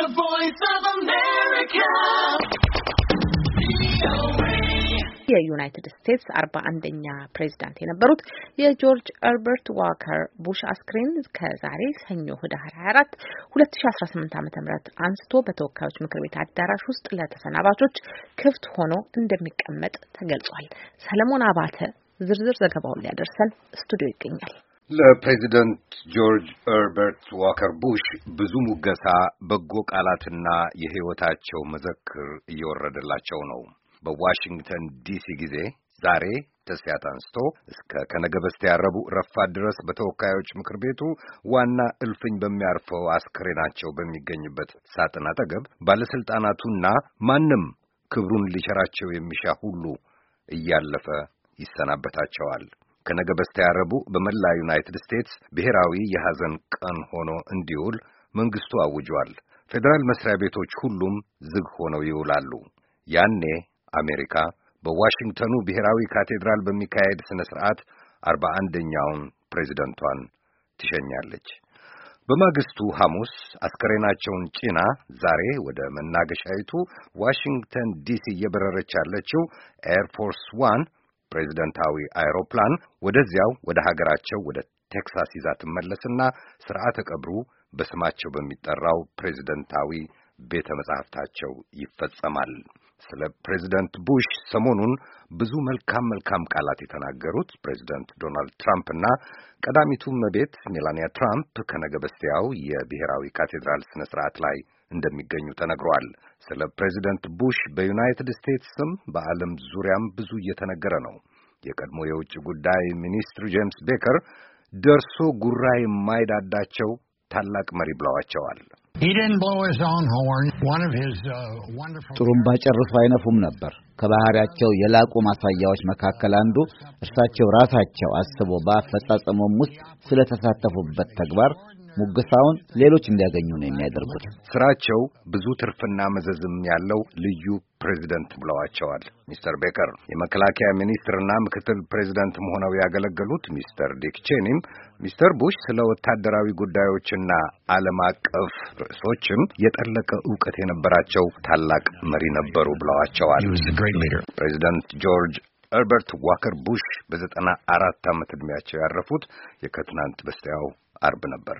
The Voice of America. የዩናይትድ ስቴትስ አርባ አንደኛ ፕሬዚዳንት የነበሩት የጆርጅ ኸርበርት ዋከር ቡሽ አስክሬን ከዛሬ ሰኞ ህዳር ስምንት 2018 ዓ.ም አንስቶ በተወካዮች ምክር ቤት አዳራሽ ውስጥ ለተሰናባቾች ክፍት ሆኖ እንደሚቀመጥ ተገልጿል። ሰለሞን አባተ ዝርዝር ዘገባውን ሊያደርሰን ስቱዲዮ ይገኛል። ለፕሬዚደንት ጆርጅ ኸርበርት ዋከር ቡሽ ብዙ ሙገሳ፣ በጎ ቃላትና የሕይወታቸው መዘክር እየወረደላቸው ነው። በዋሽንግተን ዲሲ ጊዜ ዛሬ ከትስያት አንስቶ እስከ ከነገ በስቲያ ረቡዕ ረፋት ድረስ በተወካዮች ምክር ቤቱ ዋና እልፍኝ በሚያርፈው አስክሬናቸው በሚገኝበት ሳጥን አጠገብ ባለሥልጣናቱና ማንም ክብሩን ሊቸራቸው የሚሻ ሁሉ እያለፈ ይሰናበታቸዋል። ከነገ በስቲያ ረቡዕ በመላ ዩናይትድ ስቴትስ ብሔራዊ የሐዘን ቀን ሆኖ እንዲውል መንግሥቱ አውጇል። ፌዴራል መስሪያ ቤቶች ሁሉም ዝግ ሆነው ይውላሉ። ያኔ አሜሪካ በዋሽንግተኑ ብሔራዊ ካቴድራል በሚካሄድ ሥነ ሥርዓት አርባ አንደኛውን ፕሬዚደንቷን ትሸኛለች። በማግስቱ ሐሙስ አስከሬናቸውን ጭና ዛሬ ወደ መናገሻይቱ ዋሽንግተን ዲሲ እየበረረች ያለችው ኤርፎርስ ዋን ፕሬዚደንታዊ አይሮፕላን ወደዚያው ወደ ሀገራቸው ወደ ቴክሳስ ይዛ ትመለስና ስርዓተ ቀብሩ በስማቸው በሚጠራው ፕሬዚደንታዊ ቤተ መጻሕፍታቸው ይፈጸማል። ስለ ፕሬዚደንት ቡሽ ሰሞኑን ብዙ መልካም መልካም ቃላት የተናገሩት ፕሬዚደንት ዶናልድ ትራምፕ እና ቀዳሚቱ እመቤት ሜላኒያ ትራምፕ ከነገ በስቲያው የብሔራዊ ካቴድራል ስነ ስርዓት ላይ እንደሚገኙ ተነግሯል። ስለ ፕሬዚደንት ቡሽ በዩናይትድ ስቴትስም በዓለም ዙሪያም ብዙ እየተነገረ ነው። የቀድሞ የውጭ ጉዳይ ሚኒስትር ጄምስ ቤከር ደርሶ ጉራ የማይዳዳቸው ታላቅ መሪ ብለዋቸዋል። ጥሩምባ uh, ጨርሶ አይነፉም ነበር። ከባህሪያቸው የላቁ ማሳያዎች መካከል አንዱ እርሳቸው ራሳቸው አስቦ በአፈጻጸሙም ውስጥ ስለተሳተፉበት ተግባር ሙገሳውን ሌሎች እንዲያገኙ ነው የሚያደርጉት። ስራቸው ብዙ ትርፍና መዘዝም ያለው ልዩ ፕሬዚደንት ብለዋቸዋል ሚስተር ቤከር። የመከላከያ ሚኒስትርና ምክትል ፕሬዚደንትም ሆነው ያገለገሉት ሚስተር ዲክ ቼኒም ሚስተር ቡሽ ስለ ወታደራዊ ጉዳዮችና ዓለም አቀፍ ርዕሶችም የጠለቀ እውቀት የነበራቸው ታላቅ መሪ ነበሩ ብለዋቸዋል። ፕሬዚደንት ጆርጅ ኸርበርት ዋከር ቡሽ በዘጠና አራት ዓመት ዕድሜያቸው ያረፉት የከትናንት በስቲያው አርብ ነበር።